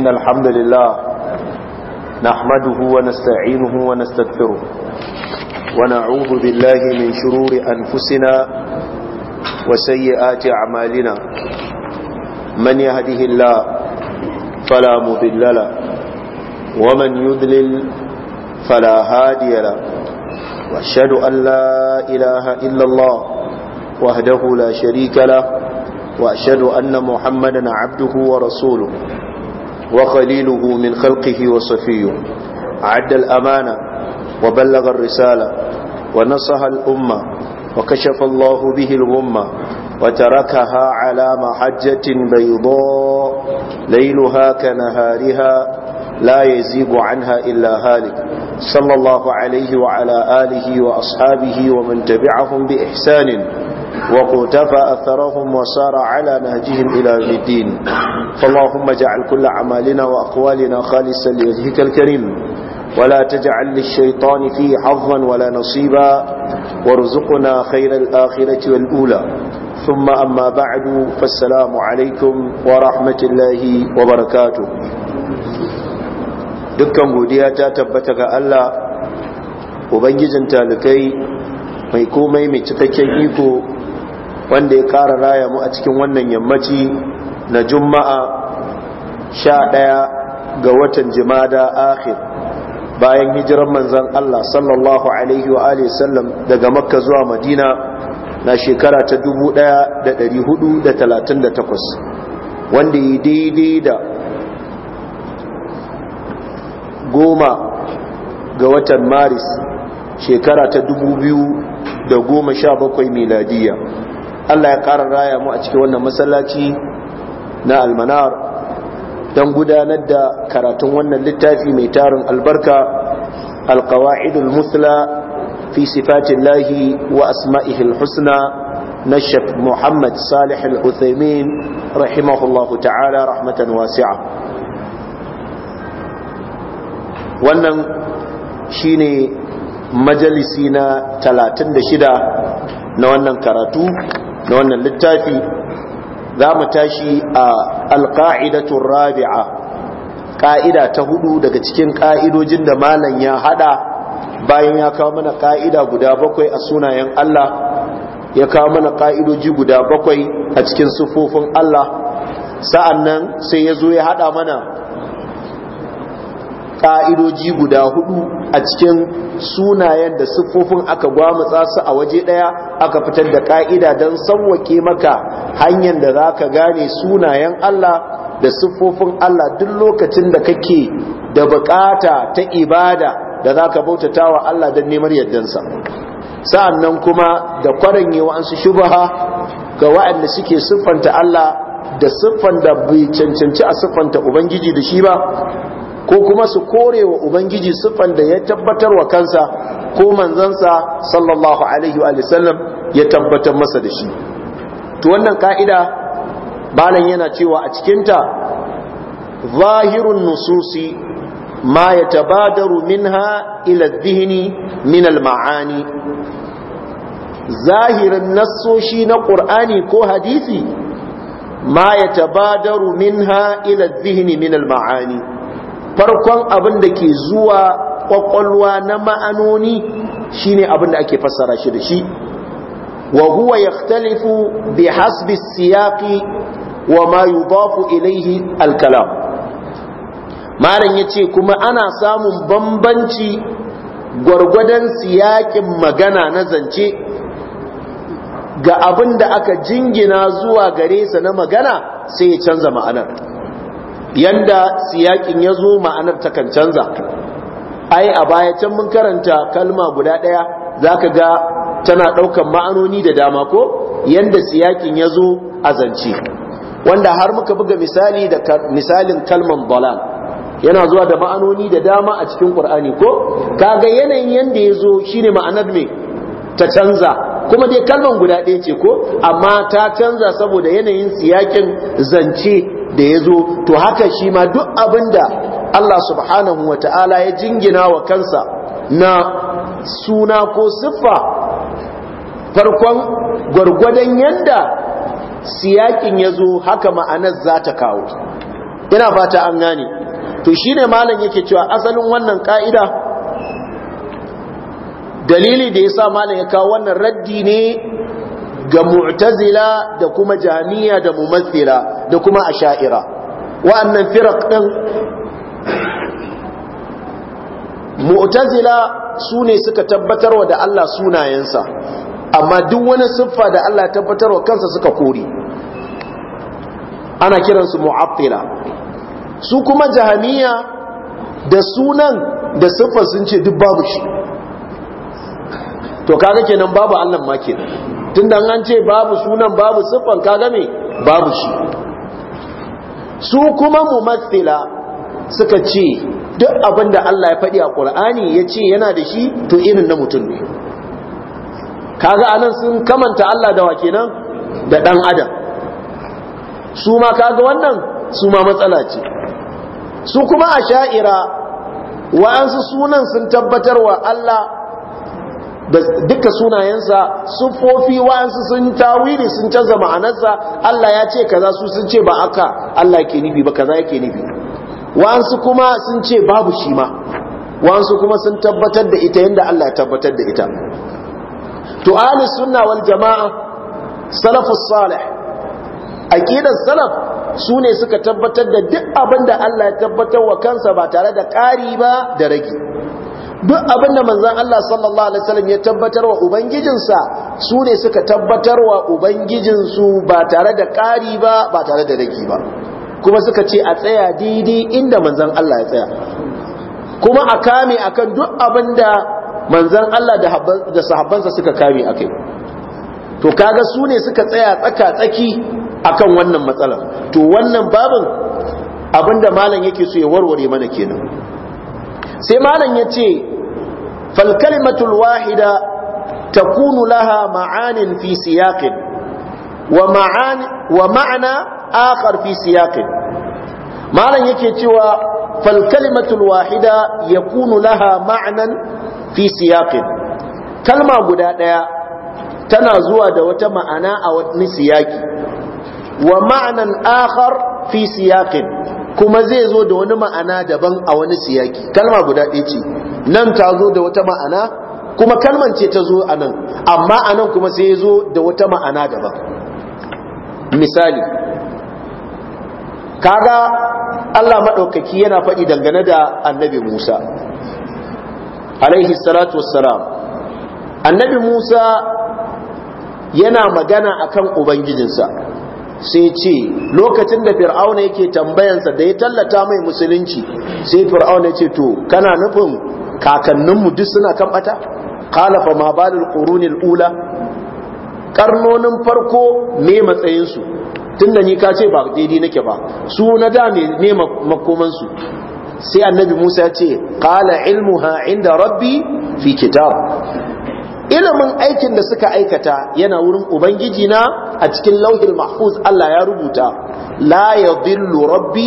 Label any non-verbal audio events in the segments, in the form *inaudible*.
إن الحمد لله نحمده ونستعينه ونستغفره ونعوذ بالله من شرور أنفسنا وسيئات أعمالنا من يهده الله فلا مضل له ومن يذلل فلا هادي له واشهد أن لا إله إلا الله وحده لا شريك له وأشهد أن محمدا عبده ورسوله وخليله من خلقه وصفيه عد الأمانة وبلغ الرسالة ونصها الأمة وكشف الله به الغمة وتركها على محجة بيضاء ليلها كنهارها لا يزيغ عنها إلا هالك صلى الله عليه وعلى آله وأصحابه ومن تبعهم بإحسان وقتفى أثرهم وسار على نهجهم إلى الدين فاللهم اجعل كل عمالنا وأقوالنا خالصا لوجهك الكريم ولا تجعل للشيطان فيه حظا ولا نصيبا وارزقنا خير الآخرة والأولى ثم أما بعد فالسلام عليكم ورحمة الله وبركاته dukkan godiya ta tabbata ga Allah ubangijin talikai mai komai mai cikakken iko wanda ya kara raya mu a cikin wannan yammaci na juma'a sha ɗaya ga watan jimada akhir bayan hijiran manzan Allah sallallahu alaihi wa sallam daga makka zuwa madina na shekara ta 1438 wanda ya daidai da goma ga watan maris shekara ta da goma sha 2017 miladiya Allah ya ƙara raya mu a cikin wannan masallaci na almanar don gudanar da karatun wannan littafi mai tarin albarka alkawa'idul musla fi sifatin lahi wa asma'ihil husna na shaf muhammad salih al-uthaymin rahimahullahu ta'ala rahmatan wasi'a wannan shine majalisi na 36 na wannan karatu na wannan littafi za mu tashi a alƙa'idatun rabi'a ƙa'ida ta hudu daga cikin ƙa'idojin da malam ya hada bayan ya kawo mana ƙa'ida guda bakwai a sunayen Allah ya kawo mana ƙa'idoji guda bakwai a cikin sufofin Allah sa'an nan sai ya zo ya hada mana ka'idoji guda hudu a cikin sunayen da siffofin aka gwamutsa su a waje ɗaya aka fitar da ƙa'ida don sauwake maka hanyar da za ka gane sunayen Allah da siffofin Allah duk lokacin da kake da bukata ta ibada da za ka bautata wa Allah don neman yardansa sa'annan kuma da kwaranye wa'ansu shubaha ga wa'anda suke siffanta Allah da siffan da bai cancanci a siffanta Ubangiji da shi ba ko kuma su kore wa ubangiji siffan da ya tabbatar wa kansa ko manzansa sallallahu alaihi wa sallam ya tabbatar masa da shi to wannan ka'ida balan yana cewa a cikinta zahirun nususi ma ya tabadaru minha ila zihni min al-ma'ani zahirin nassoshi na ƙur'ani ko hadisi ma ya tabadaru minha ila zihni min al-ma'ani farkon abin da ke zuwa ƙwaƙwalwa na ma'anoni shine abin da ake fassara shi da shi wa huwa yakhtalifu bi hasbi siyaqi wa ma yudafu ilayhi al-kalam malam yace kuma ana samun bambanci gwargwadon siyaƙin magana na zance ga abin da aka jingina zuwa gare sa na magana sai ya canza ma'anar yanda siyakin ya zo ma'anar takan canza ai a baya can mun karanta kalma guda ɗaya za ka ga tana ɗaukan ma'anoni da dama ko yanda siyakin ya zo a zance wanda har muka buga misali da misalin kalman dalal yana zuwa da ma'anoni da dama a cikin Ƙur'ani, ko kaga yanayin yanda ya zo shine ma'anar me ta canza kuma dai kalman guda ɗaya ce ko amma ta canza saboda yanayin siyakin zance da ya zo to haka shi ma duk abin da Allah subhanahu wa ta'ala ya jingina wa kansa na suna ko siffa farkon gwargwadon yadda siyakin ya zo haka ma'anar za ta kawo ina fata an gane to shi ne malam yake cewa asalin wannan ka'ida dalili da ya sa malam ya kawo wannan raddi ne ga mu'tazila da kuma jami'a da mumathila da kuma asha'ira wa'annan firaq din mu'tazila sune suka tabbatarwa da Allah sunayensa amma duk wani siffa da Allah ya tabbatarwa kansa suka kore ana kiransu mu'attila su kuma jahamiya da sunan da siffar sun ce duk babu shi to kaga kenan babu Allah ma kenan tun tunda an ce babu sunan babu siffan kaga me babu shi su kuma Mu matsila suka ce duk abinda Allah ya faɗi a Qur'ani ya ce yana da shi to irin na mutum ne kaga anan sun kamanta Allah da wake nan da ɗan adam su ma kaga wannan su ma matsala ce su kuma a sha'ira wa'ansu sunan sun tabbatar wa Allah da duka sunayensa sufofi wa'ansu sun tawili sun canza ma'anarsa Allah ya ce kaza su sun ce ba aka Allah yake nibi ba kaza yake nibi. wa'ansu kuma sun ce babu shi ma wa'ansu kuma sun tabbatar da ita yanda Allah ya tabbatar da ita to ahli sunna wal jama'a salafus salih aqidar salaf su ne suka tabbatar da duk abin da Allah ya tabbatar wa kansa ba tare da ƙari ba da rage duk abin da manzon Allah sallallahu alaihi wasallam ya tabbatar wa ubangijinsa su ne suka tabbatar wa ubangijinsu ba tare da ƙari ba ba tare da rage ba kuma suka ce a tsaya didi inda manzan Allah ya tsaya kuma a kame a kan duk abin da manzan Allah da sahabbansa suka kame a kai, to kaga su ne suka tsaya tsaka tsaki a kan wannan matsalar to wannan babin abinda malam yake so ya warware mana kenan sai malam ya ce فالكلمة الواحدة تكون لها معان في سياق ومعان ومعنى آخر في سياق معنى يكتوى فالكلمة الواحدة يكون لها معنى في سياق كلمة قدادة تنازوى دوت معنى أو نسياك ومعنى آخر في سياق كما زيزو دون معنى دبن أو نسياك كلمة قدادة nan ta zo da wata ma'ana kuma kalman ce ta zo a nan amma a nan kuma sai ya zo da wata ma'ana daban misali kaga Allah maɗaukaki yana faɗi dangane da annabi Musa alaihi salatu wassalam annabi Musa yana magana akan ubangijinsa sai ce lokacin da fir'auna yake tambayansa da ya tallata mai musulunci sai fir'auna ce to kana nufin kakanninmu duk suna kan bata qala fa ma balul qurunil ula karnonin farko ne matsayin su tunda ni ka ce ba daidai nake ba su na da ne makoman sai annabi Musa ya ce qala ilmuha inda rabbi fi kitab ilimin aikin da suka aikata yana wurin ubangiji na a cikin lauhil mahfuz Allah ya rubuta la yadhillu rabbi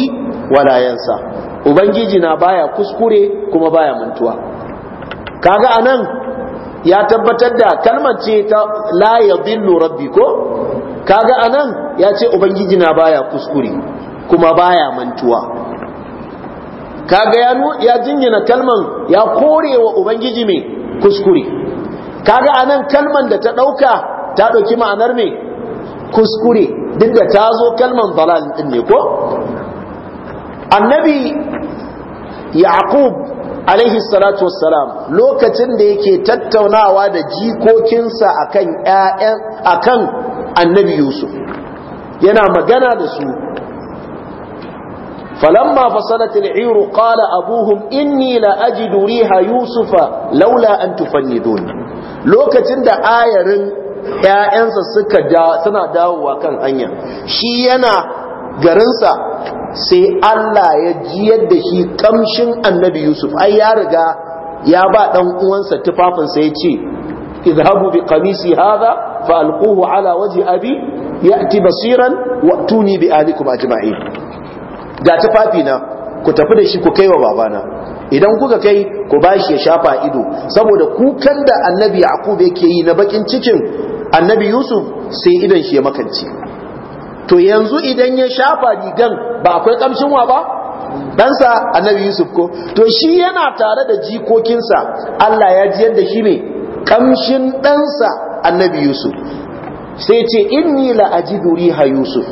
wala yansa ubangiji na baya kuskure kuma baya mantuwa kaga anan ya tabbatar da kalmar ce ta la billu rabbi ko kaga anan ya ce ubangiji na baya kuskure kuma baya mantuwa kaga ya ya jingina kalman ya korewa ubangiji me kuskure kaga anan kalman da ta dauka ta dauki ma'anar me kuskure duk da ta zo kalman dalal din ne ko annabi yaqub alaihi salatu wassalam lokacin da yake tattaunawa da jikokinsa akan ƴaƴan akan annabi yusuf yana magana da su فلما فصلت العير قال أبوهم إني لأجد ريح Yusufa laula an تفندون لوكتن da ayarin ‘ya'yansa suka suna dawowa kan hanya shi yana garinsa sai Allah ya jiyar da shi kamshin annabi Yusuf ai ya riga ya ba dan uwansa tufafin sai ya ce idhabu bi qamisi hadha fa alquhu ala waji abi ya'ti basiran wa tuni bi ahlikum ajma'in ga tufafi na ku tafi da shi ku kaiwa babana idan kuka kai ku bashi ya shafa ido saboda kukan da annabi Yaqub yake yi na bakin cikin annabi Yusuf sai idan shi ya makance to yanzu idan ya shafa rigan ba akwai kamshin wa ba ɗansa annabi yusuf ko to shi yana tare da jikokinsa allah ya ji yadda shi ne kamshin ɗansa annabi yusuf sai ce inni la ajidu riha yusuf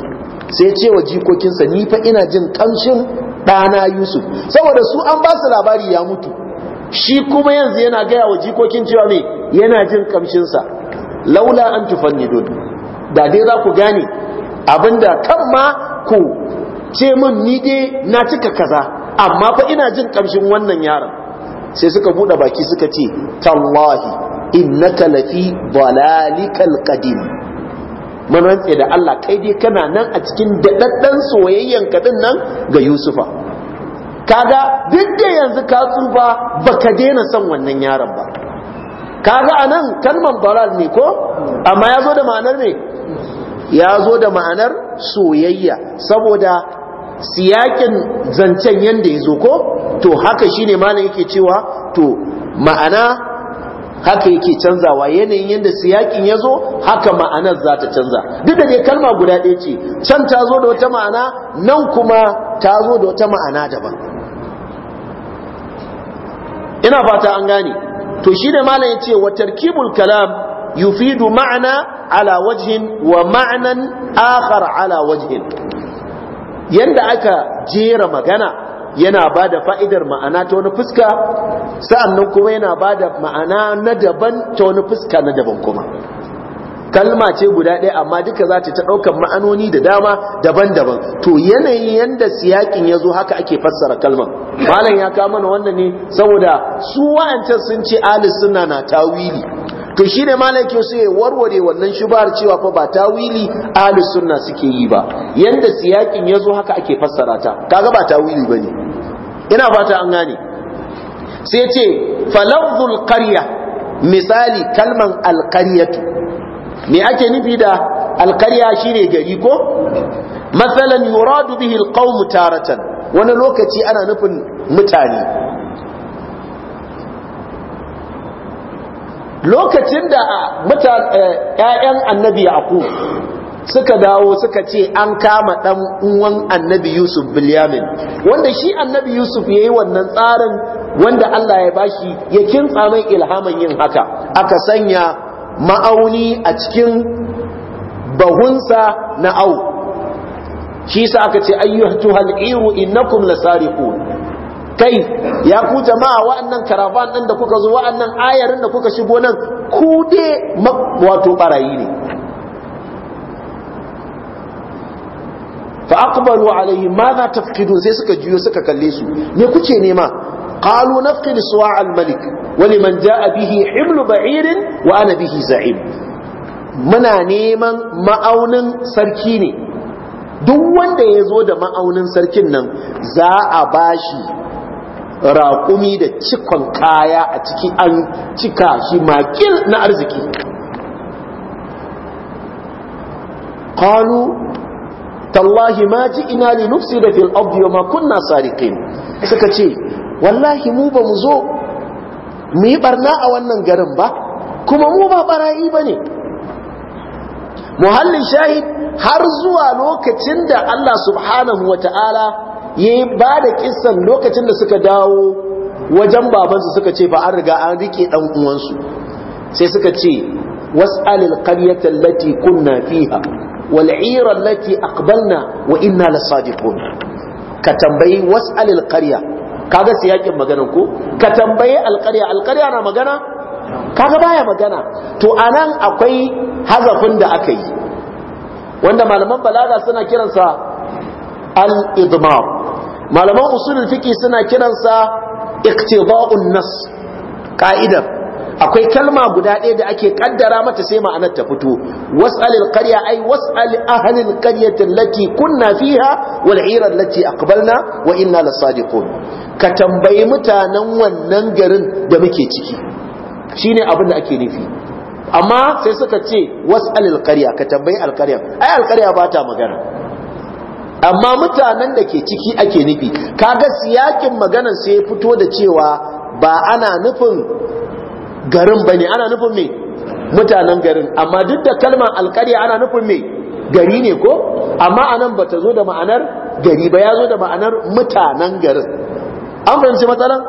sai ce wa jikokinsa ni fa ina jin kamshin ɗana yusuf saboda su an ba su labari ya mutu shi kuma yanzu yana gaya wa jikokin cewa me yana jin kamshinsa laula an tufannidun da dai za ku gane abinda kan ma ku ce min ni dai na cika kaza amma fa ina jin kamshin wannan yaron sai suka buɗe baki suka ce tallahi innaka lafi dalalikal qadim mun rantse da Allah kai dai kana nan a cikin dadaddan soyayyan ka din nan ga Yusufa kaga duk da yanzu ka tsufa baka daina son wannan yaron ba kaga anan kalmar balal ne ko amma yazo da ma'anar ne ya zo da ma'anar soyayya saboda siyakin zancen yadda ya zo ko to haka shine malam yake cewa to ma'ana haka yake canzawa yanayin yadda siyakin ya zo haka ma'anar za ta canza duk da dai kalma guda ɗaya ce can ta zo da wata ma'ana nan kuma ta zo da wata ma'ana daban ina fata an gane to shi ne malam ya ce wa tarkibul kalam yufidu ma'ana ala wajhin wa ma'anan akhar ala wajhin yanda aka jera magana yana ba da fa'idar ma'ana ta wani fuska sa'annan kuma yana ba da ma'ana na daban ta wani fuska na daban kuma kalma ce guda ɗaya amma duka za ta ɗaukar ma'anoni da dama daban-daban to yanayin yadda siyakin ya zo haka ake fassara kalmar malam ya kama mana wannan ne saboda su wa'ancan sun ce alis suna na tawili to shi ne malaki su ya warware wannan shubar cewa fa ba tawili Ali sunna suke yi ba Yadda siyakin yazo haka ake fassara ta kaga ba tawili bane ina fata an gane sai ce falafzul qarya misali kalman alqaryatu me ake nufi da alqarya shine gari ko masalan yuradu bihi alqawm taratan wani lokaci ana nufin mutane lokacin da ‘ya'yan eh, eh, annabi yaku suka dawo suka ce an kama ɗan uwan annabi yusuf bilyamin wanda shi annabi yusuf ya yi wannan tsarin wanda allah ya bashi ya kintsa mai ilhamin yin haka aka sanya ma'auni a cikin bahunsa na au shi sa aka ce ayyuhatu hal'iru innakum lasariqun kai ya ku jama'a wa'annan karavan din da kuka zo wa'annan ayarin da kuka shigo nan ku dai wato barayi ne fa aqbalu alaihi za tafqidun sai suka jiyo suka kalle su me kuke nema qalu nafqid suwa' al-malik wa liman jaa bihi himlu ba'irin wa ana bihi za'im muna neman ma'aunin sarki ne duk wanda ya zo da ma'aunin sarkin nan za a bashi raƙumi da cikon kaya a ciki an cika shi makil na arziki ƙalu tallahi ma ina Nufsi da fil ma kunna sariƙin? suka ce wallahi mu ba mu zo mu yi barna a wannan garin ba kuma mu ba barayi ba ne? muhallin shahid har zuwa lokacin da Allah subhanahu wa ta'ala yi ba da kisan lokacin da suka dawo wajen babansu suka ce ba an riga an rike ɗan uwansu sai suka ce was'alil ƙaryatar Lati kunna fiha wal'irar Lati allati aqbalna wa inna lasadiqun ka tambayi was'alil qarya kaga yakin magana ko ka tambayi alƙarya, alƙarya na magana kaga baya magana to anan akwai hazafin da aka yi wanda malaman balaga suna kiransa al-idmar malaman usulul fiqi suna kiransa iktiba'un nas ka'idar akwai kalma guda ɗaya da ake kaddara mata sai ma'anar ta fito was'alil qarya ay was'al ahlil qaryati allati kunna fiha wal 'ira allati aqbalna wa inna lasadiqun ka tambayi mutanen wannan garin da muke ciki shine abin da ake nufi amma sai suka ce was'alil qarya ka tambayi alqarya ai alqarya ba ta magana amma mutanen da ke ciki ake nufi kaga siyakin maganar sai ya fito da cewa ba ana nufin garin bane ana nufin me mutanen garin amma duk da kalmar alƙarya ana nufin me gari ne ko amma anan bata zo da ma'anar gari ba ya zo da ma'anar mutanen garin an fahimci matsalan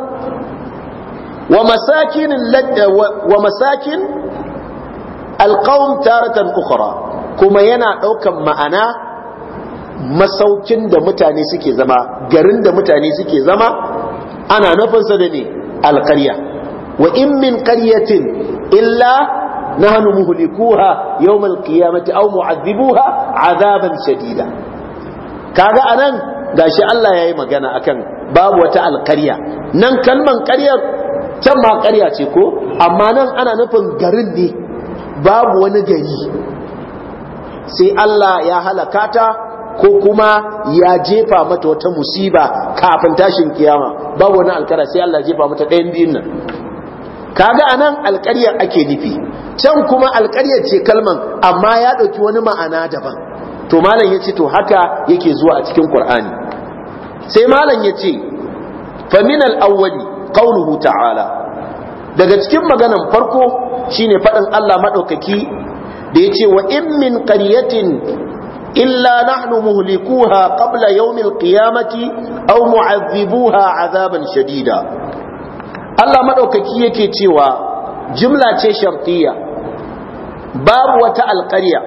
wa masakin alkawun taratan ukhra kuma yana daukan ma'ana masaukin da mutane suke zama garin da mutane suke zama ana nufinsa da ne alƙarya wa in min ƙaryatin illa nahnu muhlikuha yawm alqiyamati aw mu'adhibuha عذابا shadida kaga anan gashi Allah yayi magana akan babu wata alƙarya nan kalman karyar can ma ƙarya ce ko amma nan ana nufin garin ne babu wani gari sai Allah ya halaka ta ko kuma ya jefa mata wata musiba kafin tashin kiyama babu wani alkara sai Allah jefa mata ɗayan biyun nan kaga anan alƙaryar ake nufi can kuma alƙaryar ce kalman amma ya ɗauki wani ma'ana daban to malam ce to haka yake zuwa a cikin Kur'ani. sai malam yace fa famin al ƙaunuhu ta'ala daga cikin maganan farko shine faɗin Allah maɗaukaki da ya ce wa in min ƙaryatin illa nahnu muhlikuha qabla yawmil qiyamati aw mu'adhibuha azaban shadida Allah madaukaki yake cewa jumla ce shartiya babu wata alqarya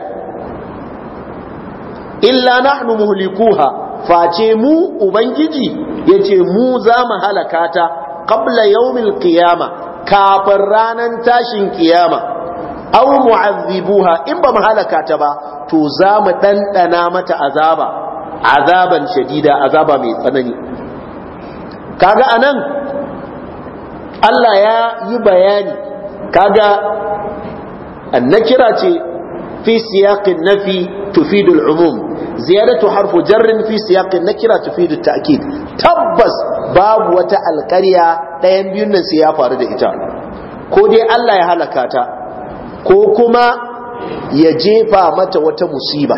illa nahnu muhlikuha face mu ubangiji yace mu za mu halakata, qabla yawmil qiyama kafin ranan tashin kiyama aw mu'azzibuha in ba mu halaka ta ba to za mu ɗanɗana mata azaba azaban shadida azaba mai tsanani kaga anan Allah ya yi bayani kaga annakira ce fi siyaqin nafi tufidu al-umum ziyadatu harfu jarrin fi siyaqin nakira tufidu ta'kid tabbas babu wata alƙarya ɗayan biyun nan sai ya faru da ita ko dai Allah ya halaka ta ko kuma ya jefa mata wata musiba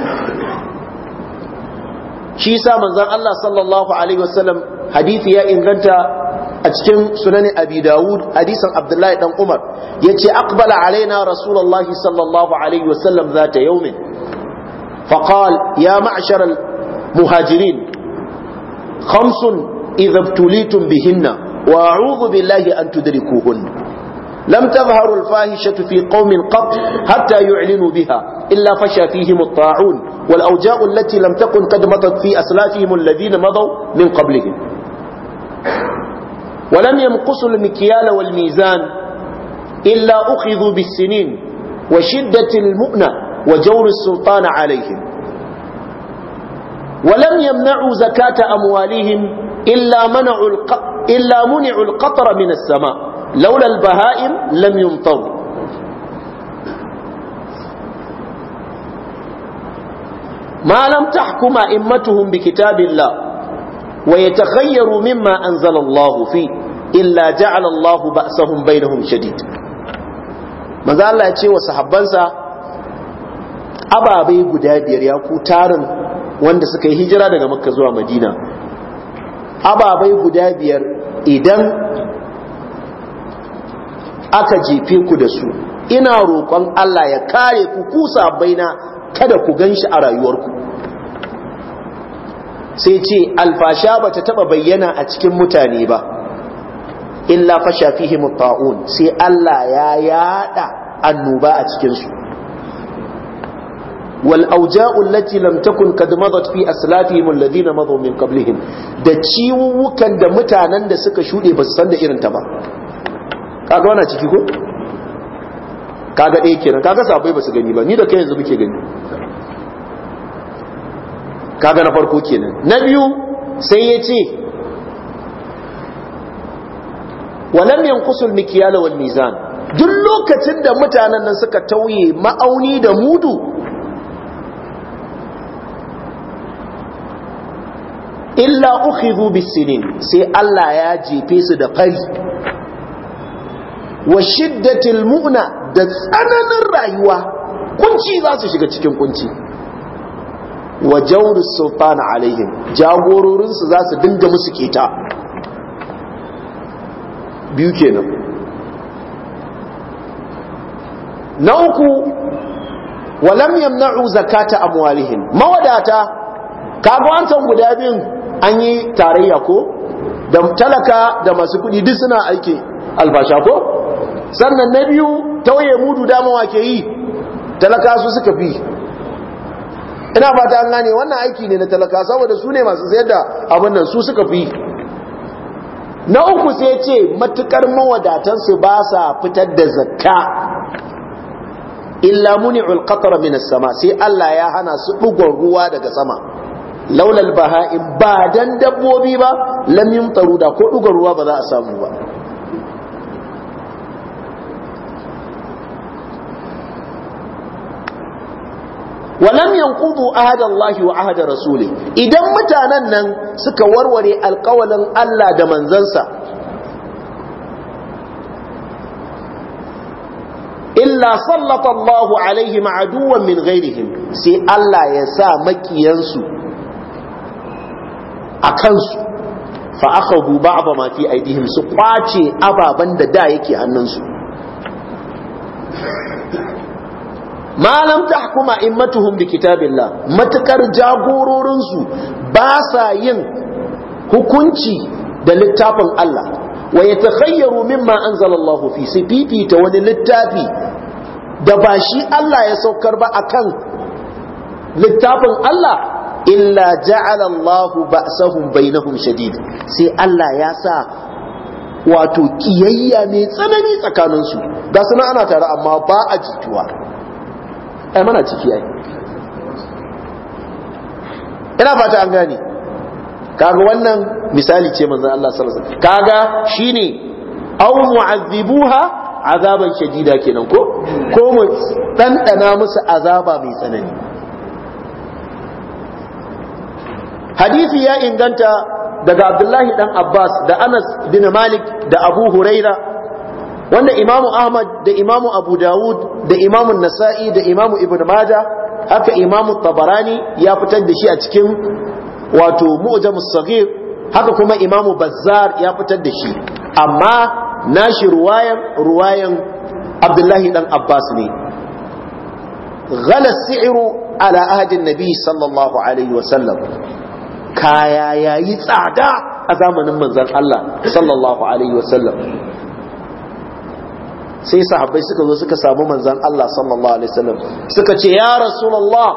shi sa manzon Allah sallallahu alaihi wasallam hadisi ya inganta a cikin sunanin abi dawud hadisan abdullahi dan umar ya ce aqbala alaina rasulullahi sallallahu alaihi wasallam za ta yaumin faqal ya ma'ashar muhajirin khamsun idabtulitun bihinna wa a'udhu billahi an tudrikuhunna لم تظهر الفاحشة في قوم قط حتى يعلنوا بها إلا فشى فيهم الطاعون والأوجاء التي لم تكن قد مضت في أسلافهم الذين مضوا من قبلهم ولم ينقصوا المكيال والميزان إلا أخذوا بالسنين وشدة المؤنة وجور السلطان عليهم ولم يمنعوا زكاة أموالهم إلا منعوا, إلا منعوا القطر من السماء laula al-baha'im lam yumtar ma lam tahkuma immatuhum bi kitabillah wa yatakhayyaru mimma anzala Allah fi illa ja'ala Allah ba'sahum bainahum shadid manzo Allah ya ce wa sahabbansa ababai guda biyar ya ku wanda suka yi hijira daga makka zuwa madina ababai guda biyar idan aka jefe ku da su ina roƙon Allah ya kare ku ku sabaina kada ku ganshi a rayuwarku sai ce alfasha ba ta taɓa bayyana a cikin mutane ba illa fasha fihi mutta'un sai Allah ya yada annoba a cikinsu والأوجاء allati lam takun kad madat fi أسلافهم alladhina madu min qablihim da ciwukan da mutanen da suka shuɗe ba su san da irin ta ba kaga wana ciki ko kaga ɗaya kenan kaga sabai ba su gani ba ni da kai yanzu muke gani kaga na farko kenan na biyu sai ya ce walam yanqusu al-mikyal wal mizan duk lokacin da mutanen nan suka tauye ma'auni da mudu illa ukhidhu bis-sinin sai Allah ya jefe su da fari wa shiddatil mu'na da tsananin rayuwa kunci za su shiga cikin kunci wa jawru sultana alaihim jagororin su za su dinga musu keta biyu kenan na uku wa lam yamna'u zakata amwalihim mawadata kaga wancan guda biyun an yi tarayya ko da talaka da masu kudi duk suna aiki albasha ko sannan na biyu tauye mudu dama wake yi talakasu suka fi ina fata an gane wannan aiki ne na talaka saboda su ne masu sayar da abinnan su suka fi na uku sai ce matukar mawadatansu ba sa fitar da zakka illa muni qatar min sama sai Allah ya hana su dugon ruwa daga sama laulal baha'in ba dan dabbobi ba lam yumtaru da ko dugon ruwa ba za a samu ba walam yanqudu ahada Allah wa ahada rasuli idan mutanen nan suka warware alƙawalin Allah da manzansa illa sallata Allahu alaihim aduwan min ghairihim sai Allah ya sa makiyansu a kansu fa akhadhu ba'd ma fi aidihim su kwace ababan da da yake hannunsu malam tahkuma immatuhum bi kitabillah matukar jagororin su ba sa yin hukunci da littafin Allah wa yatakhayyaru mimma anzalallahu fi sififi ta wani littafi da ba shi Allah ya saukar ba akan littafin Allah illa ja'ala Allahu ba'sahum bainahum shadid sai Allah ya sa wato kiyayya mai tsanani tsakaninsu ga suna ana tare amma ba a jituwa ai mana ciki ai ina fata an gane kaga wannan misali ce manzon Allah sallallahu alaihi wasallam kaga shine aw mu'azzibuha azaban shadida kenan ko ko mu dandana musu azaba mai tsanani hadisi ya inganta daga Abdullahi dan Abbas da Anas bin Malik da Abu Huraira wanda imamu ahmad da imamu abu dawud da imamu nasa'i da imamu ibn maja haka imamu tabarani ya fitar da shi a cikin wato mu'jamus saghir haka kuma imamu bazzar ya fitar da shi amma nashi ruwayan ruwayan abdullahi dan abbas ne ghala si'ru ala ahadin nabi sallallahu alaihi wasallam kaya yayi tsada a zamanin manzon Allah sallallahu alaihi wasallam sai sahabbai suka zo suka samu manzan Allah sallallahu alaihi wasallam suka ce ya rasulullah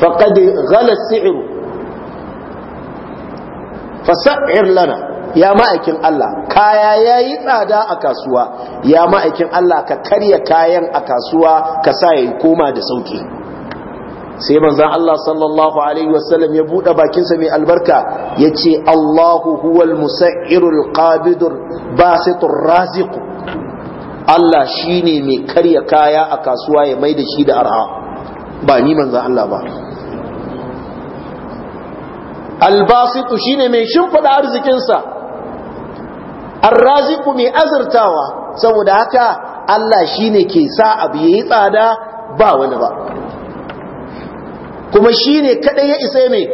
faqad ghala si'r fas'ir lana ya ma'aikin Allah kaya yayi tsada a kasuwa ya ma'aikin Allah ka karya kayan a kasuwa ka sa ya koma da sauki sai manzan Allah sallallahu alaihi wasallam ya buɗe bakinsa mai albarka yace Allahu huwal musa'irul qabidur basitur raziqu Allah ne mai karya kaya a kasuwa ya mai da shi da arha ba ni manzan Allah ba albasitu ne mai shimfiɗa arzikinsa arraziku mai azurtawa saboda haka Allah shine ke sa abu yayi tsada ba wani ba kuma ne kadai ya isa mai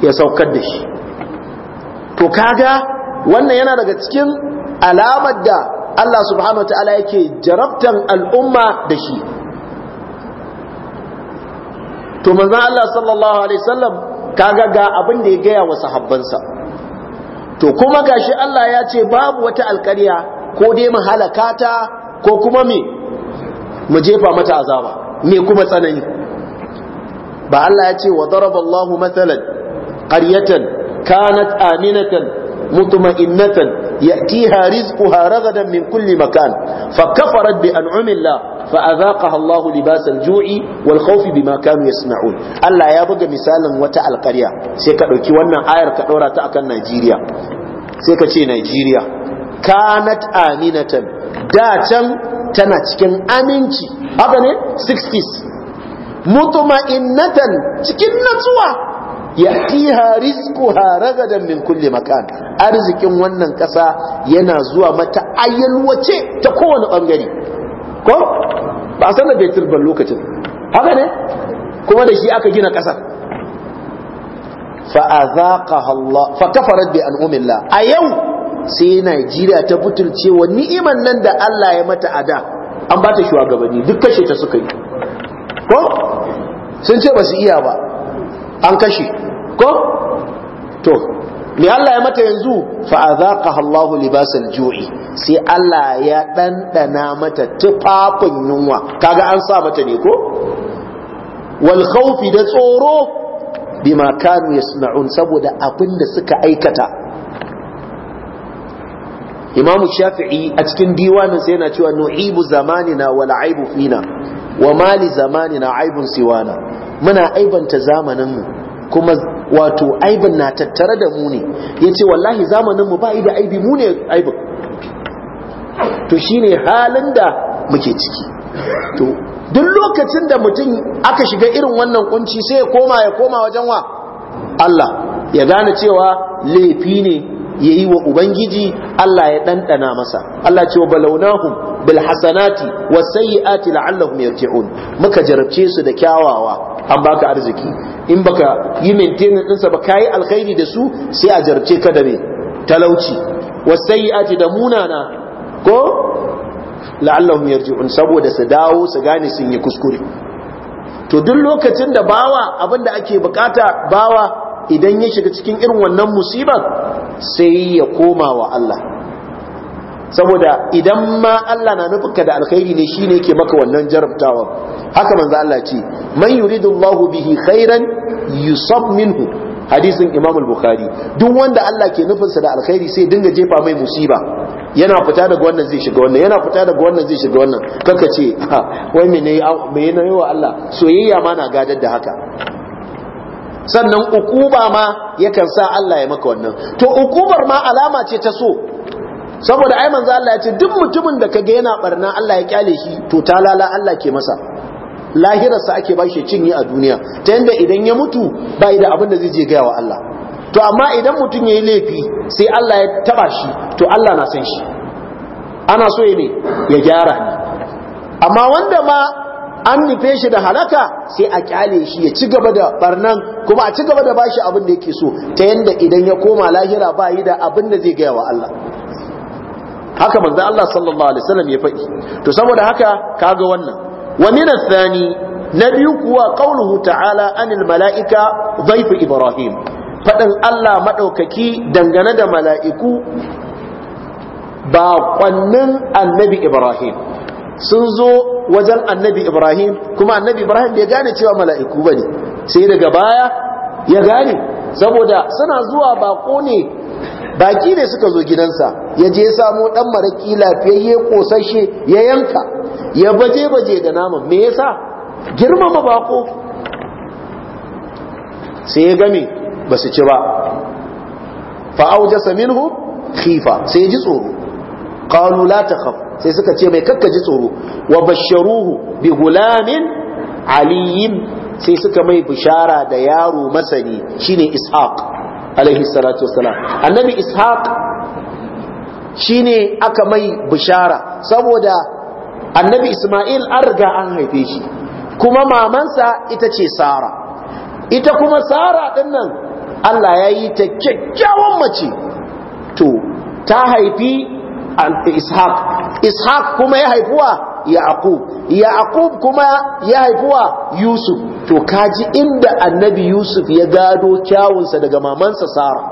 ya saukar da shi to kaga wannan yana daga cikin alamar da Allah subhanahu wa ta'ala yake jarabtan al'umma da shi to manzon Allah sallallahu alaihi sallam kaga ga abin da ya gaya wa sahabbansa to kuma gashi Allah ya ce babu wata alƙarya ko dai mu halakata, ko kuma me mu jefa mata azaba me kuma tsanani ba Allah ya ce wa zaraballahu mathalan karyatan kanat aminatan mutuma'innatan ya'tiha rizquha ragadan min kulli makan fa kafarat bi an'ami Allah fa adhaqaha Allah libas al-ju'i wal khawf bima kanu yasma'un Allah ya buga misalin wata alqarya sai ka dauki wannan ayar ka daura ta akan Najeriya sai ka ce Najeriya kanat aminatan da can tana cikin aminci haka ne 60s mutuma'innatan cikin natsuwa yatiha rizquha ragadan min kulli makan arzikin wannan kasa yana zuwa mata ayyalwace ta kowane bangare ko ba san da baitul ban lokacin haka ne kuma da shi aka gina kasa fa azaqaha Allah fa kafarat bi an'umillah a yau sai Najeriya ta butulce wa ni'iman nan da Allah ya mata ada an ba ta shugabanni duk kashe ta suka yi ko sun ce ba su iya ba an kashe ko to me Allah ya mata yanzu fa azaqaha Allah libasan ju'i sai Allah ya dandana mata tufafin yunwa kaga an sa mata ne ko wal khawfi da tsoro bima kanu yasma'un saboda abin da suka aikata Imam Shafi'i a cikin diwanin sai yana cewa nu'ibu zamanina wal aibu fina wa mali zamani na aibun siwana muna aibanta zamaninmu kuma wato aibin na tattare da mu ne ya ce wallahi zamaninmu ba da aibi mu ne aibin to shine halin da muke ciki to duk lokacin da mutum aka shiga irin wannan kunci sai ya koma ya koma wajen wa Allah ya gane cewa laifi ne ya yi wa Ubangiji Allah ya ɗanɗana masa Allah ce wa balaunahum bil hasanati was sayyiati la'allahum yarji'un muka jarabce su da kyawawa an baka arziki in baka yi maintenance ɗinsa ba yi alkhairi da su sai a jarabce ka da me talauci was ati, da munana ko la'allahum yarji'un saboda su dawo su gane sun yi kuskure to duk lokacin da bawa abin da ake bukata bawa idan ya shiga cikin irin wannan musibar sai ya koma wa Allah saboda idan ma Allah na nufin ka da alkhairi ne shine ke maka wannan jarabtawa haka manzo Allah ce man Allahu bihi khairan yusab minhu hadisin Imam bukhari duk wanda Allah ke nufin da alkhairi sai dinga jefa mai musiba yana fita daga wannan zai shiga wannan yana fita daga wannan zai shiga wannan kaka ce wai me ne me ne wa Allah soyayya ma na gadar da haka sannan ukuba ma yakan sa Allah ya maka wannan to ukubar ma alama ce ta so saboda ai manzo Allah ya ce duk mutumin da kaga yana barna Allah ya kyale shi to ta lala Allah ke masa lahirarsa ake ba shi cinye a duniya ta yanda idan ya mutu ba da abin da zai je gaya wa Allah to amma idan mutum ya yi laifi sai Allah ya taba shi to Allah na san shi ana so ya ya gyara amma wanda ma an nufe shi da halaka sai a kyale shi ya ci gaba da barnan kuma a ci gaba da bashi abin da yake so ta yanda idan ya koma lahira ba yi da abin da zai gaya wa Allah haka manzo Allah sallallahu alaihi wasallam ya faɗi to saboda haka kaga wannan wa min athani na biyu kuwa qauluhu ta'ala anil mala'ika dhaifu ibrahim faɗin Allah madaukaki dangane da mala'iku ba kwannin annabi ibrahim sun zo wajen annabi ibrahim kuma annabi ibrahim bai gane cewa mala'iku bane sai daga baya ya gane saboda suna zuwa bako ne baki ne suka zo gidansa ya je samo dan maraki lafiyayye kosashe ya yanka ya baje baje da naman me yasa girmama bako sai ya game ba su ci ba fa aujasa minhu khifa sai ya ji tsoro qalu la takhaf sai suka ce mai kakka ji tsoro wa basharuhu bi gulamin aliyin sai suka mai bishara da yaro masani shine ishaq alaihi salatu wassalam annabi ishaq shine aka mai bishara saboda annabi isma'il an riga an haife shi kuma mamansa ita ce sara ita kuma sara din nan Allah ya yi ta kyakkyawan mace to ta haifi ishaq ishaq kuma ya haifuwa yaqub yaqub kuma ya haifuwa yusuf to kaji inda annabi yusuf ya gado kyawunsa daga mamansa sara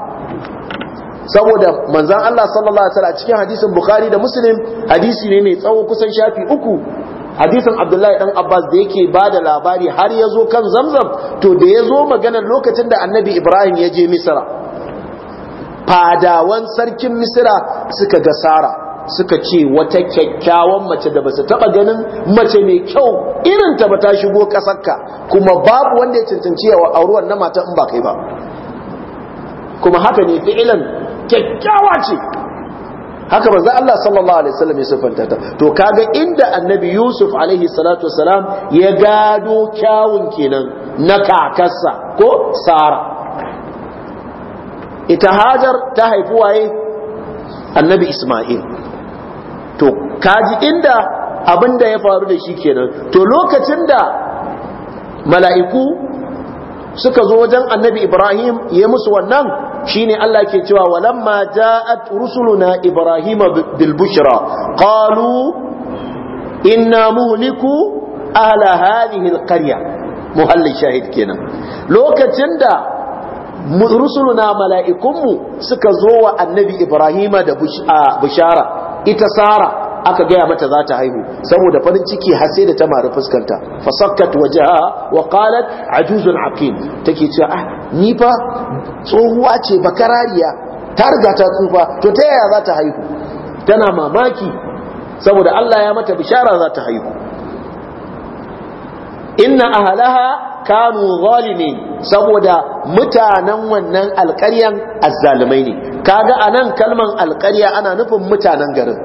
saboda manzan Allah sallallahu alaihi wasallam cikin hadisin bukhari da muslim hadisi ne mai tsawo kusan shafi uku hadisin abdullahi dan abbas da yake bada labari har yazo kan zamzam to da ya zo maganar lokacin da annabi ibrahim ya je misra fadawan sarkin misira suka ga sara suka ce wata kyakkyawan mace da basu taba ganin mace mai kyau irin ta ba ta shigo kasarka kuma babu wanda ya cancanci a auruwan na mata in ba kai ba kuma haka ne fi'ilan kyakkyawa ce haka za Allah sallallahu alaihi wasallam ya sifanta ta to kaga inda annabi Yusuf alaihi salatu wasalam ya gado kyawun kenan na kakarsa ko Sara ita hajar ta haifi waye annabi isma'il to kaji inda abin da ya faru da shi kenan to lokacin da mala'iku suka zo wajen annabi ibrahim ya musu wannan shine Allah ke cewa walamma ja'at rusuluna Ibrahim bil bushra qalu inna muhliku ahla hadhihi al qarya muhalli shahid kenan lokacin da rusuluna mala'ikunmu suka zo wa annabi ibrahima da bishara ita sara aka gaya mata za ta haihu saboda farin ciki sai da ta mari fuskanta fasakkat wajaha wa qalat ajuzun aqim take cewa ah ni fa tsohuwa ce bakarariya ta riga ta tsufa to ta yaya za ta haihu tana mamaki saboda Allah ya mata bishara za ta haihu inna ahlaha kanu zalimin saboda mutanen wannan alƙaryan azzalumai ne kaga anan kalman alƙarya ana nufin mutanen garin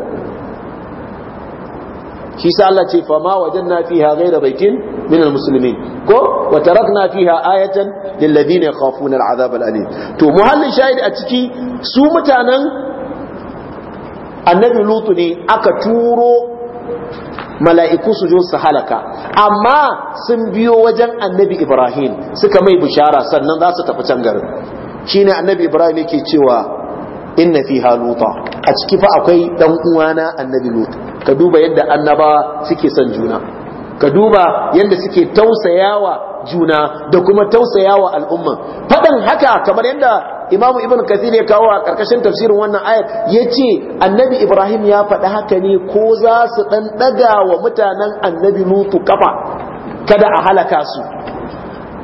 shi sa Allah ce fama fi fiha ghayra baitin min almuslimin ko wa tarakna fiha ayatan lil ne kafunar azabar al'alim to muhallin shahid a ciki su mutanen annabi lutu ne aka turo mala'iku su zo su halaka amma sun biyo wajen annabi ibrahim suka mai bishara sannan za su tafi can garin Shi ne annabi ibrahim yake cewa inna fi haluta a ciki fa akwai dan uwana annabi lut ka duba yadda annaba suke son juna ka duba yadda suke tausayawa juna da kuma tausaya wa al'umma faɗin haka kamar yadda Imam Ibn Kathir ya kawo a ƙarƙashin tafsirin wannan ayar ce Annabi Ibrahim ya faɗi haka ne ko za su dan daga wa mutanen Annabi Lutu kafa kada a halaka su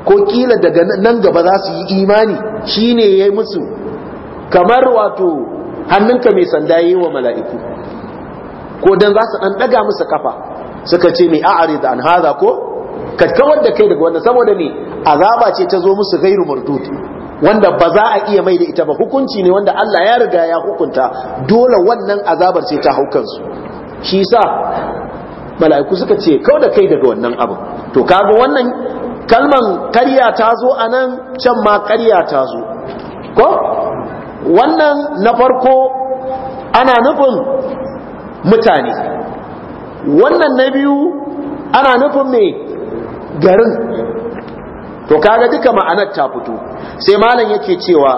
ko kila daga nan gaba za su yi imani shine yayi musu kamar wato hannunka mai sanda yi wa mala'iku ko dan za su dan daga musu kafa suka ce mai a'arid an hadha ko ka kawar da kai daga wannan saboda me azaba ce ta zo musu gairu mardud wanda ba za a iya mai da ita ba hukunci ne wanda Allah ya riga ya hukunta dole wannan azabar ce ta haukan su shi yasa mala'iku suka ce kawar da kai daga wannan abin to kaga wannan kalman karya ta zo a nan can ma karya ta zo ko wannan na farko ana nufin mutane wannan na biyu ana nufin mai garin to kaga duka ma'anar ta fito sai malam yake cewa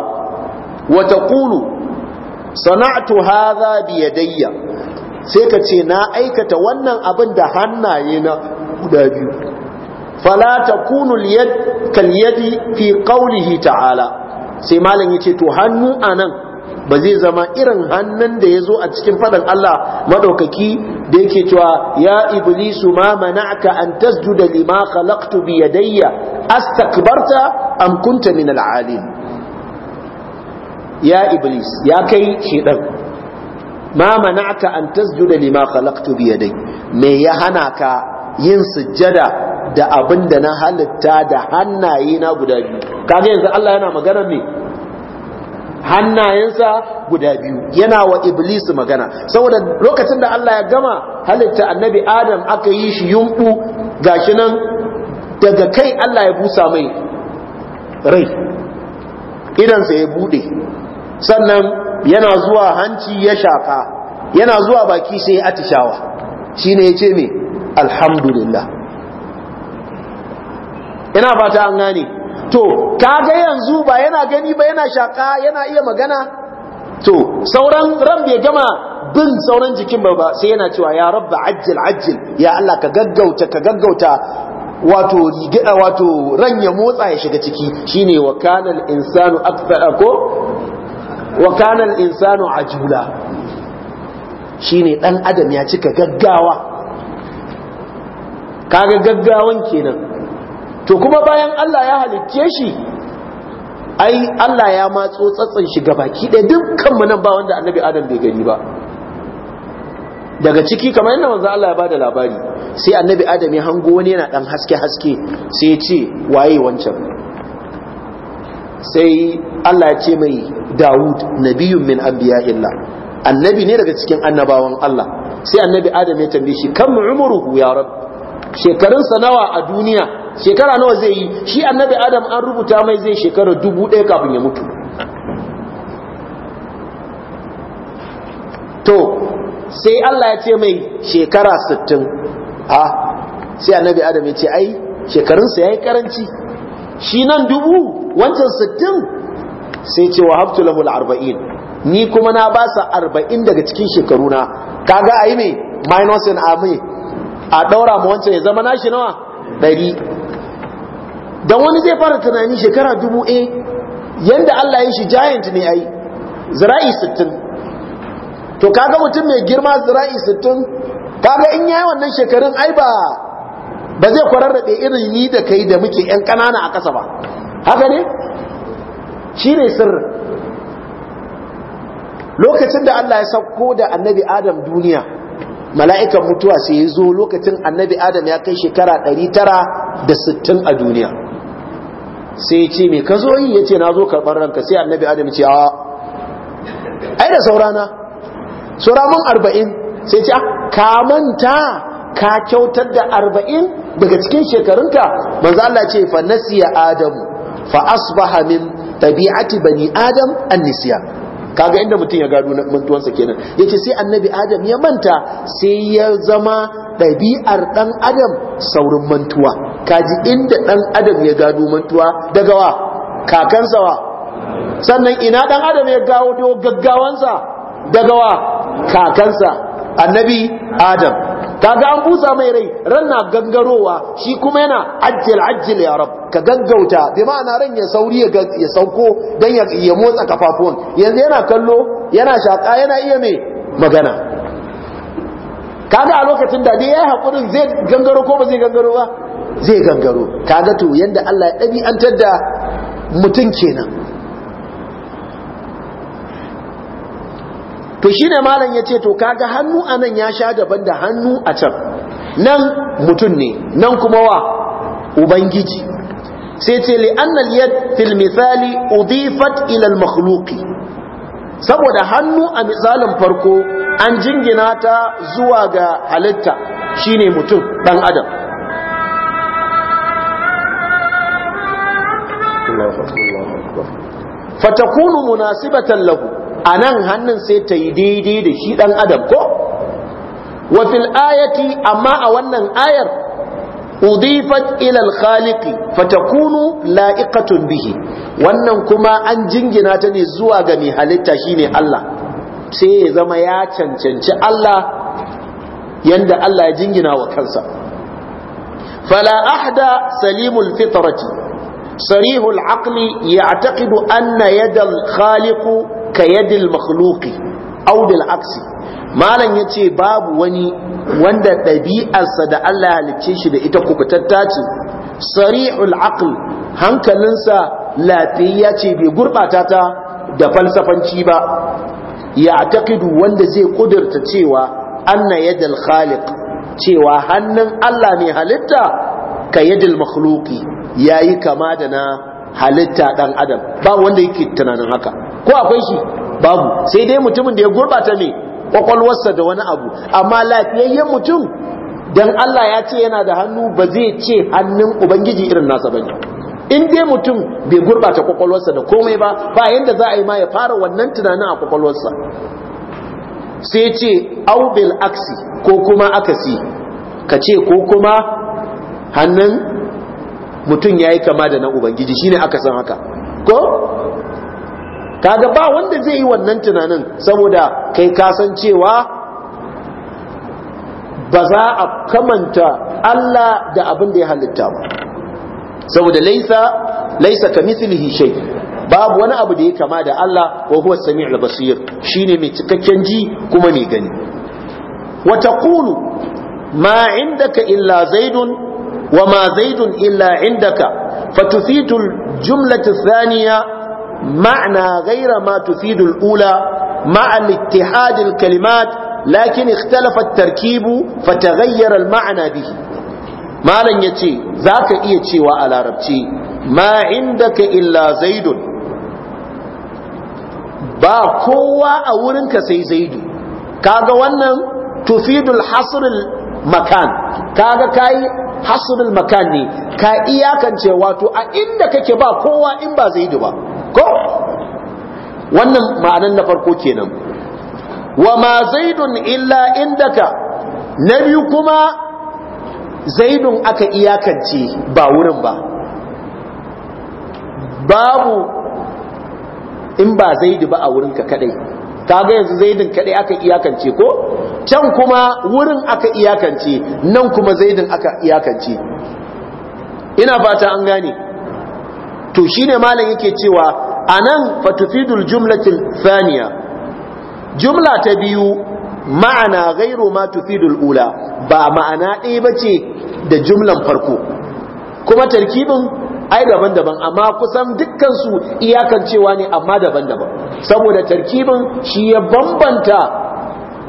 wa taqulu sana'tu hadha bi yadayya sai ka ce na aikata wannan abin da hannaye na guda biyu fala takunu liyad kal yadi fi qawlihi ta'ala sai malam yace to hannu anan ba zai zama irin hannun da ya zo a cikin fadan Allah madaukaki da yake cewa ya iblisu ma mana'aka an tasjuda lima khalaqtu bi yadayya astakbarta am kunta min ya iblis ya kai shedan ma mana'aka an tasjuda lima khalaqtu bi yadayya me ya hana ka yin sujjada da abin da na halitta da hannaye na guda biyu kaga yanzu Allah yana magana ne hannayensa guda biyu yana wa iblis magana saboda lokacin da Allah ya gama halitta annabi adam aka yi shi yumbu gashi nan daga kai Allah ya busa mai rai idansa ya bude sannan yana zuwa hanci ya shaka yana zuwa baki sai ya atishawa shine yace me alhamdulillah ina fata an gane to kaga yanzu ba yana gani ba yana shaka yana iya magana to sauran ran bai gama bin sauran jikin ba sai yana cewa ya rabba ajjil ajjil ya Allah ka gaggauta ka gaggauta wato rigida wato ran ya motsa ya shiga ciki shine wa kana al insanu akthara ah, ko wa kana al insanu ajula shine dan adam ya cika gaggawa kaga gaggawan kenan to kuma bayan Allah ya halicce shi ai Allah ya matso tsatsan shi ga baki ɗaya dukkan kanmu nan ba wanda annabi adam bai gani ba daga ciki kamar yadda manzo Allah ya ba da labari sai annabi adam ya hango wani yana dan haske haske sai ya ce waye wancan sai Allah ya ce mai Dawud nabiyun min illa, annabi ne daga cikin annabawan Allah sai annabi adam ya tambaye shi kam umruhu ya rabb shekarunsa nawa a duniya shekara nawa zai yi shi annabi adam an rubuta mai zai shekara dubu ɗaya kafin ya mutu to sai Allah ya ce mai shekara sittin a sai annabi adam ya ce ai shekarunsa ya yi karanci shi nan dubu wancan sittin sai ce wa haftu arba'in ni kuma na ba sa arba'in daga cikin shekaruna kaga a yi mai minus in a mai a ɗaura ma wancan ya zama nashi nawa ɗari don wani zai fara tunani shekara dubu a eh, yadda Allah ya shi giant ne ai zira'i sittin to kaga mutum mai girma zira'i sittin kaga in yayi wannan shekarun ai ba ba zai kwararrabe irin yi da kai da muke yan ƙanana a ƙasa ba haka ne shi ne sirrin lokacin da Allah ya sauko da annabi Adam duniya mala'ikan mutuwa sai ya zo lokacin annabi adam ya kai shekara 960 a duniya sai ce me ka zo yi ya ce na zo karɓar ranka sai annabi adam ce a ai da saurana saura arba'in sai ce ah, ka manta ka kyautar da arba'in daga cikin shekarunka manzo Allah ce fa nasiya adamu fa asbaha min tabi'ati bani adam annisiya kaga inda mutum ya gado mantuwansa kenan yace sai annabi adam ya manta sai ya zama ɗabi'ar ɗan adam saurin mantuwa kaji inda ɗan adam ya gado mantuwa daga wa kakansa wa sannan ina ɗan adam ya gawo gaggawansa daga wa kakansa annabi adam kaga an busa mai rai ran na gangarowa shi kuma yana ajjal ajjal ya rab ka gaggauta bi ma'ana ran ya sauri ya sauko dan ya motsa kafafuwan yanzu yana kallo yana shaka yana iya mai magana kaga a lokacin da dai ya haƙurin zai gangaro ko ba zai gangaro ba zai gangaro kaga to yanda Allah ya ɗabi'antar da mutum kenan to shine malam ya ce to kaga hannu anan ya sha daban da hannu a can nan mutum ne nan kuma wa ubangiji sai ce li anna al-yad fil misali udifat ila al-makhluqi saboda hannu a misalin farko an jingina ta zuwa ga halitta shine mutum dan adam takunu munasibatan lahu a nan hannun sai ta yi daidai da shi ɗan adam ko wafil ayati amma a wannan ayar udifat ilal khaliqi fatakunu la'iqatun bihi wannan kuma an jingina ta ne zuwa ga mai halitta shine Allah sai ya zama ya cancanci Allah yanda Allah ya jingina wa kansa fala ahda salimul fitrati sarihul العقل يعتقد anna yadal الخالق ka yadil makhluqi aw aksi malam yace babu wani wanda ɗabi'arsa da Allah halicce shi da ita kubutatta ce sari'ul aql hankalinsa lafiya ce bai gurɓata ta da falsafanci ba ya taqidu wanda zai kudurta cewa anna ya khaliq cewa hannun Allah ne halitta ka yadil makhluqi yayi kama da na halitta dan adam babu wanda yake tunanin haka ko akwai shi babu sai dai mutumin da ya gurbata ne kwakwalwarsa da wani abu amma lafiyayyen mutum dan Allah ya ce yana da hannu ba zai ce hannun ubangiji irin nasa bane in dai mutum bai gurbata kwakwalwarsa da komai ba ba yanda za a yi ma ya fara wannan tunanin a kwakwalwarsa sai ce aubil aksi ko kuma akasi ka ce ko kuma hannun mutum ya yi kama da na ubangiji shine aka san haka ko kaga ba wanda zai yi wannan tunanin saboda kai cewa ba za a kamanta Allah da abin da ya halitta ba saboda laisa laisa kamithlihi shay babu wani abu da ya kama da Allah wa huwa samiul basir shine mai cikakken ji kuma mai gani wa taqulu ma indaka illa zaidun wa ma zaidun illa indaka fatufitu al-jumlatu thaniya معنى غير ما تفيد الأولى مع الاتحاد الكلمات لكن اختلف التركيب فتغير المعنى به ما لن يتي ذاك إيتي وعلى ربتي ما عندك إلا زيد با قوة أولنك سي زيد كاغا ونن تفيد الحصر المكان كاغا كاي hasulul makan ne ka iyakance wato a inda kake ba kowa in ba zaidu ba ko wannan ma'anar na farko kenan wa ma zaidun illa indaka na biyu kuma zaidun aka iyakance ba wurin ba babu in ba zaidu ba a wurinka kadai kaga yanzu zaidin kadai aka iyakance ko can kuma wurin aka iyakance nan kuma zaidin aka iyakance ina fata an gane to shine malam yake cewa anan fatufidul jumlatil thaniya jumla ta biyu ma'ana ghairu ma tufidul ula ba ma'ana ɗaya ce da jumlan farko kuma tarkibin ai daban-daban amma kusan dukkan su iyakan cewa ne amma daban-daban saboda tarkibin shi ya bambanta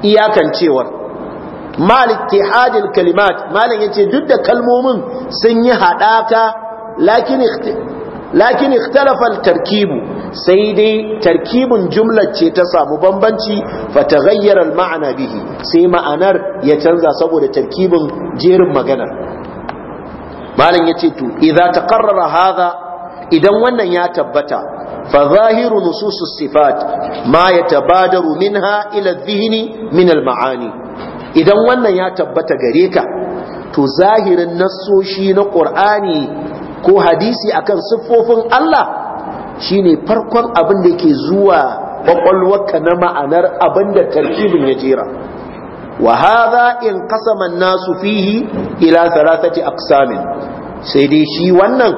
iyakan cewar malik tihadil kalimat malam yace duk da kalmomin sun yi hadaka lakin lakin ikhtalafal tarkibu sai dai tarkibin jumlar ce ta samu bambanci fataghayyara al ma'ana bihi sai ma'anar ya canza saboda tarkibin jerin magana. malam yace to idza taqarrara hadha idan wannan ya tabbata fa zahiru nususus sifat ma yatabadaru minha ila adh-dhihni min al-ma'ani idan wannan ya tabbata gare ka to zahirin nassoshi na qur'ani ko hadisi akan siffofin Allah shine farkon abin da ke zuwa kwakwalwarka na ma'anar abin da tarkibin ya jera wa hadha in qasama an-nasu fihi ila thalathati aqsamin sai dai shi wannan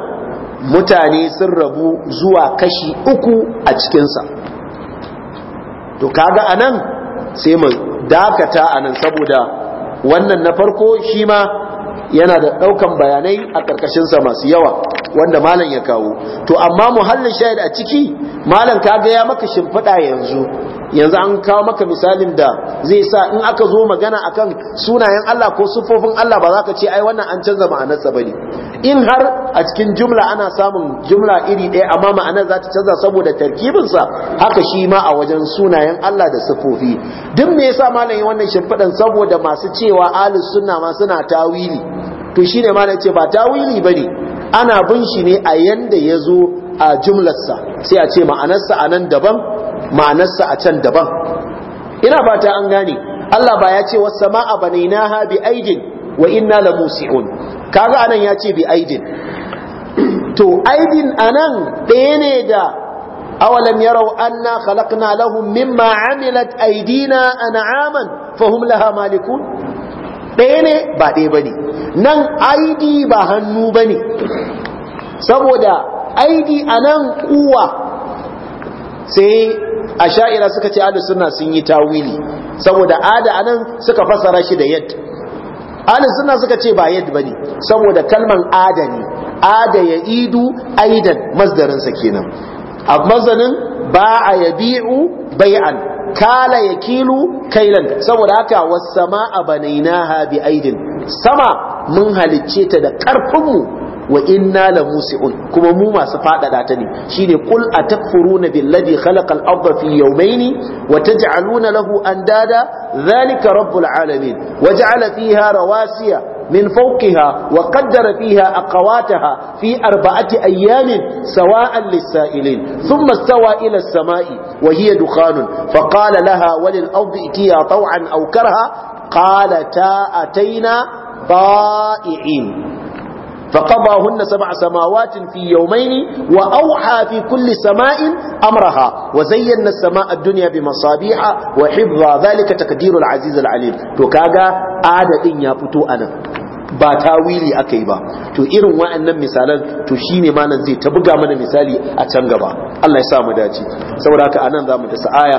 mutane sun rabu zuwa kashi uku a cikinsa. sa to kaga anan sai mu dakata anan saboda wannan na farko shi ma yana da daukan bayanai a karkashin sa masu yawa wanda malam ya kawo to amma muhallin shahid a ciki malam kaga ya maka shimfiɗa yanzu yanzu an kawo maka misalin da zai sa in aka zo magana akan sunayen Allah ko sufofin Allah ba za ka ce ai wannan an canza ma'anarsa bane in har a cikin jumla ana samun jumla iri ɗaya amma ma'anar za ta canza saboda tarkibinsa haka shi ma a wajen sunayen Allah da sufofi duk me yasa malamin wannan shimfiɗan saboda masu cewa ahlus sunna ma suna tawili to shine malam ce ba tawili bane ana bin shi ne a yanda ya zo a jumlarsa sai a ce ma'anarsa a nan daban ma'anarsa a can daban ina fata an gane Allah ba ya ce wa sama'a banainaha bi aidin wa inna la musi'un kaga anan ya ce bi aidin *clears throat* to aidin anan ɗaya ne da awalam yarau anna khalaqna lahum mimma amilat aidina an'aman fahum laha malikun ɗaya ne ba ɗaya bane nan aidi ba hannu bane saboda aidi anan kuwa sai asha'ira suka ce ahlus sunna sun yi tawili saboda ada anan suka fassara shi da yad ahlus sunna suka ce ba yad bane saboda kalman ada ne ada ya idu aidan masdarin sa kenan a mazanin ba'a yabi'u bai'an kala yakilu kailan saboda haka was sama'a banainaha bi aidin sama mun halicce ta da karfin mu wa inna la musi'un kuma mu masu fadada ta ne shine kul atakfuruna billadhi khalaqal arda fi yawmayni wa taj'aluna lahu andada dhalika rabbul alamin wa ja'ala fiha rawasiya من فوقها وقدر فيها أقواتها في أربعة أيام سواء للسائلين ثم استوى إلى السماء وهي دخان فقال لها وللأرض ائتيا طوعا أو كرها قالتا أتينا طائعين فقضاهن سبع سماوات في يومين وأوحى في كل سماء أمرها وزينا السماء الدنيا بمصابيح وحفظا ذلك تقدير العزيز العليم تكاغا آدئين يا فتوءنا ba tawili aka yi ba to irin wa'annan misalan to ne malam zai ta buga mana misali a can gaba Allah ya sa mu dace saboda haka anan zamu ta aya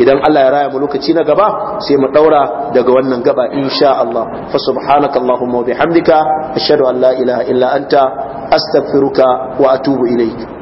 idan Allah ya raya mu lokaci na gaba sai mu daura daga wannan gaba insha Allah fa subhanakallahumma wa bihamdika ashhadu an la ilaha illa anta astaghfiruka wa atubu ilaik